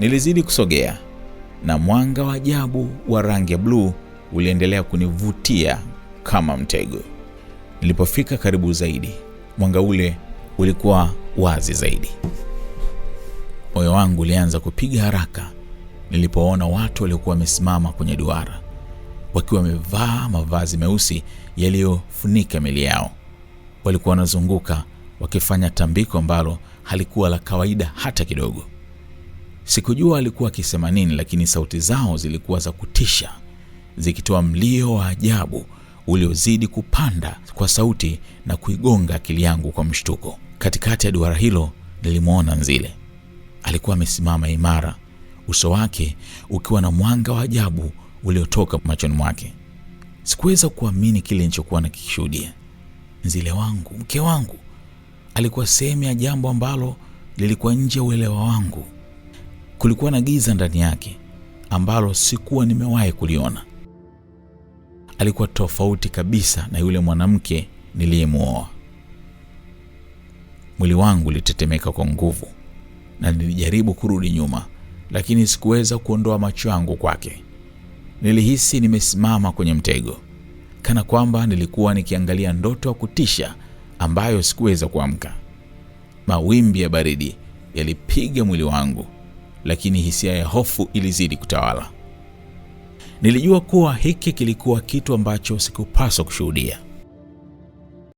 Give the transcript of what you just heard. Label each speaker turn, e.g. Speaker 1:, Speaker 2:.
Speaker 1: Nilizidi kusogea na mwanga wa ajabu wa rangi ya bluu uliendelea kunivutia kama mtego. Nilipofika karibu zaidi, mwanga ule ulikuwa wazi zaidi. Moyo wangu ulianza kupiga haraka nilipoona watu waliokuwa wamesimama kwenye duara wakiwa wamevaa mavazi meusi yaliyofunika mili yao. Walikuwa wanazunguka wakifanya tambiko ambalo halikuwa la kawaida hata kidogo. Sikujua alikuwa akisema nini, lakini sauti zao zilikuwa za kutisha, zikitoa mlio wa ajabu uliozidi kupanda kwa sauti na kuigonga akili yangu kwa mshtuko. Katikati ya duara hilo nilimwona Nzile. Alikuwa amesimama imara, uso wake ukiwa na mwanga wa ajabu uliotoka machoni mwake. Sikuweza kuamini kile nilichokuwa nakikishuhudia. Nzile wangu, mke wangu, alikuwa sehemu ya jambo ambalo lilikuwa nje ya uelewa wangu. Kulikuwa na giza ndani yake ambalo sikuwa nimewahi kuliona. Alikuwa tofauti kabisa na yule mwanamke niliyemwoa. Mwili wangu ulitetemeka kwa nguvu na nilijaribu kurudi nyuma, lakini sikuweza kuondoa macho yangu kwake. Nilihisi nimesimama kwenye mtego, kana kwamba nilikuwa nikiangalia ndoto ya kutisha ambayo sikuweza kuamka. Mawimbi ya baridi yalipiga mwili wangu lakini hisia ya hofu ilizidi kutawala. Nilijua kuwa hiki kilikuwa kitu ambacho sikupaswa kushuhudia.